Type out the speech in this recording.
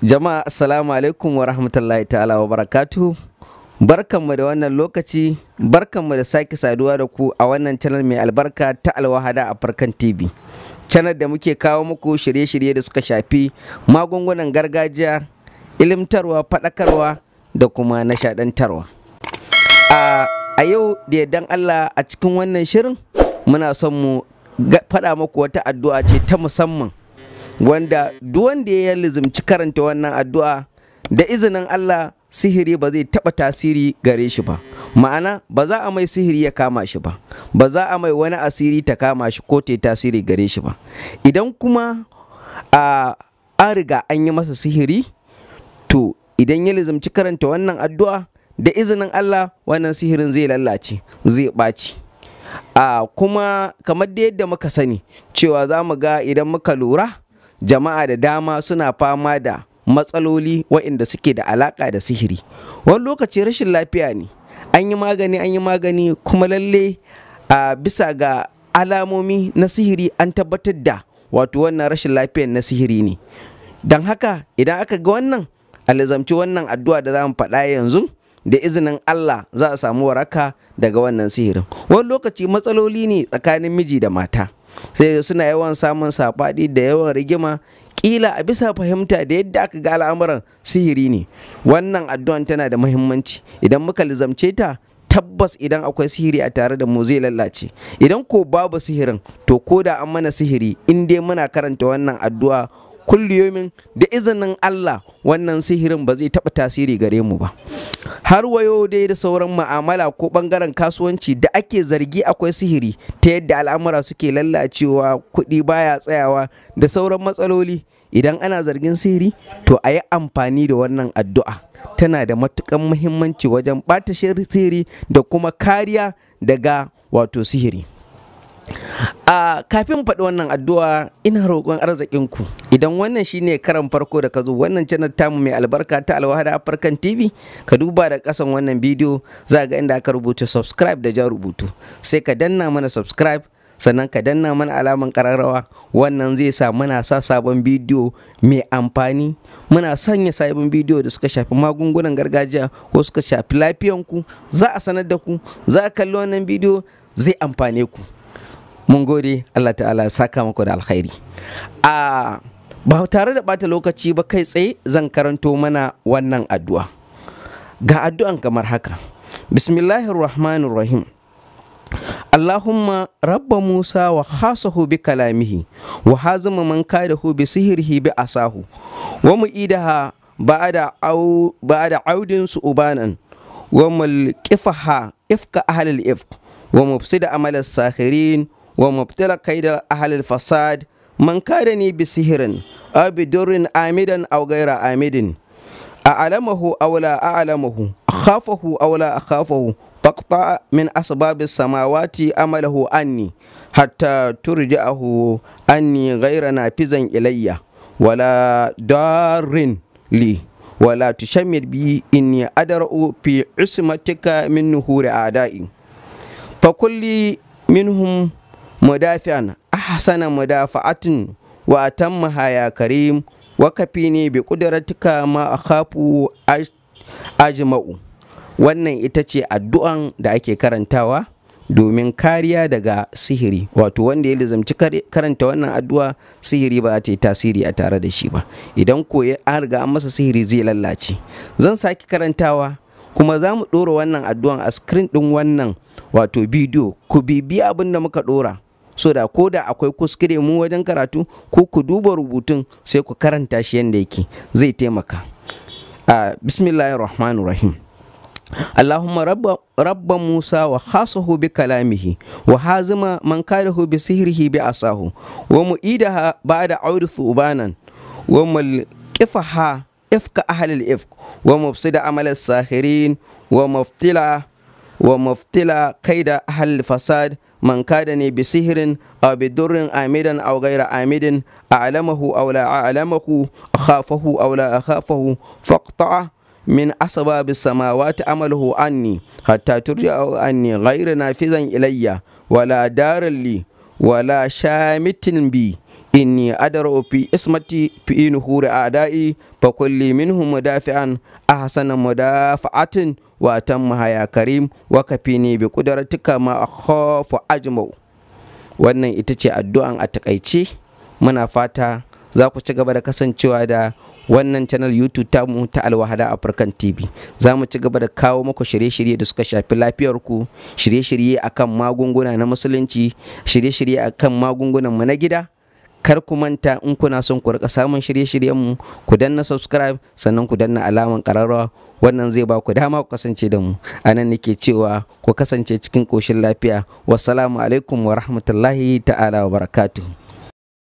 Jama'a assalamu alaikum wa rahmatullahi ta'ala wa barakatuhu. Barkanmu da wannan lokaci, barkanmu da sake saduwa da ku a wannan channel mai albarka ta Alwahada a Farkan TV. Channel da muke kawo muku shirye-shirye da suka shafi magungunan gargajiya, ilimtarwa, faɗakarwa da kuma nishaɗantarwa. A yau da dan Allah a cikin wannan shirin muna son mu faɗa muku wata addu'a ce ta musamman wanda duk wanda ya lizimci karanta wannan addu'a da izinin Allah sihiri ba zai taɓa tasiri gare shi ba ma'ana ba za a mai sihiri ya kama shi ba ba za a mai wani asiri ta kama shi ko ta tasiri gare shi ba idan kuma a an riga an yi masa sihiri to idan ya lizimci karanta wannan addu'a da izinin Allah wannan sihirin zai lallace zai ɓaci a kuma kamar da yadda muka sani cewa za mu ga idan muka lura jama'a da dama suna fama da matsaloli waɗanda suke da alaƙa da sihiri wani lokaci rashin lafiya ne an yi magani an yi magani kuma lalle a bisa ga alamomi na sihiri an tabbatar da wato wannan rashin lafiyar na sihiri ne don haka idan aka ga wannan alizamci wannan addu'a da za mu faɗa yanzu da izinin Allah za a samu waraka daga wannan sihirin wani lokaci matsaloli ne tsakanin miji da mata sai suna yawan samun saɓaɗi da yawan rigima ƙila a bisa fahimta da yadda aka ga al'amuran sihiri ne wannan addu'an tana da muhimmanci idan muka lizamce ta tabbas idan akwai sihiri a tare da mu zai lalace idan ko babu sihirin to ko da an mana sihiri in dai muna karanta wannan addu'a kulli yomin da izinin Allah wannan sihirin ba zai taɓa tasiri gare mu ba har wayo dai da sauran ma'amala ko ɓangaren kasuwanci da ake zargi akwai sihiri ta yadda al'amura suke lallacewa kuɗi baya tsayawa da sauran matsaloli idan ana zargin sihiri to a yi amfani da wannan addu'a tana da matukan muhimmanci wajen ɓata sihiri da kuma kariya daga wato sihiri. a kafin faɗi wannan addu'a ina roƙon arzikinku idan wannan shine karan farko da ka zo wannan channel tamu mai albarka ta alwahada afirkan tv ka duba da ƙasan wannan bidiyo za ga inda aka rubuta subscribe da ja rubutu sai ka danna mana subscribe sannan ka danna mana alaman ƙararrawa wannan zai sa muna sa sabon bidiyo mai amfani muna sanya sabon bidiyo da suka shafi magungunan gargajiya ko suka shafi lafiyanku za a sanar da ku za a kalli wannan bidiyo zai amfane ku mun gode Allah ta'ala saka muku da alkhairi a ba tare da bata lokaci ba kai tsaye zan karanto mana wannan addu'a ga addu'an kamar haka bismillahir rahmanir rahim Allahumma rabba Musa wa hasahu bi kalamihi wa hazama man kadahu bi sihirhi bi asahu wa mu'idaha ba'ada au ba'ada audin su'ubanan wa mulqifaha ifka ahlil ifk wa mufsida amal as-sakhirin wa mubtala kaidar ahalil fasad man kada ni bi sihirin aw bi durrin amidan aw ghayra amidin a alamahu aw la a alamahu khafahu aw la khafahu faqta min asbab samawati amalahu anni hatta turja'ahu anni ghayra nafizan ilayya wala darrin li wala tushammid bi inni adra'u fi usmatika min nuhuri adai fa kulli minhum mudafi'an ahsana mudafa'atin wa atamma haya karim wa kafini bi qudratika ma akhafu ajma'u wannan ita ce addu'an da ake karantawa domin kariya daga sihiri wato wanda ya lizamci karanta wannan addu'a sihiri ba ta yi tasiri a tare da shi ba idan ko an riga an masa sihiri zai lallace zan sake karantawa kuma za mu ɗora wannan addu'an a screen ɗin wannan wato bidiyo ku bibiya abin da muka ɗora so da ko da akwai kuskure mu wajen karatu ko ku duba rubutun sai ku karanta shi yadda yake zai taimaka a bismillahir rahim اللهم رب رب موسى وخاصه بكلامه وهازم من كاره بسحره بعصاه ومؤيدها بعد عود ثوبانا وملقفها افك أهل الافك ومفسد عمل الساخرين ومفتلا ومفتلا كيد أهل الفساد man ne bi sihirin aw bi durrin amidan aw ghayra amidin a'lamahu aw la a'lamahu akhafahu aw la akhafahu faqta'a min asbab as-samawati amaluhu anni hatta turja'u anni ghayra nafizan ilayya wala daran wala shamitin bi inni adar'u fi ismati fi nuhuri a'da'i fa kulli minhum mudafi'an ahsana mudafa'atin karim يا ne bi بقدرتك ma أخاف ajmau. wannan ita ce addu'an a takaice muna fata za ku ci gaba da kasancewa da wannan channel youtube tamu ta alwahada african tv za mu ci gaba da kawo muku shirye-shirye da suka shafi lafiyarku shirye-shirye akan magunguna na musulunci shirye-shirye akan magungunan mu na gida kar ku manta in kuna son ku rika samun shirye-shiryenmu ku danna subscribe sannan ku danna alamar ƙararrawa wannan zai ba ku dama ku kasance da mu anan nake cewa ku kasance cikin ƙoshin lafiya wassalamu alaikum wa rahmatullahi ta'ala wa barakatuh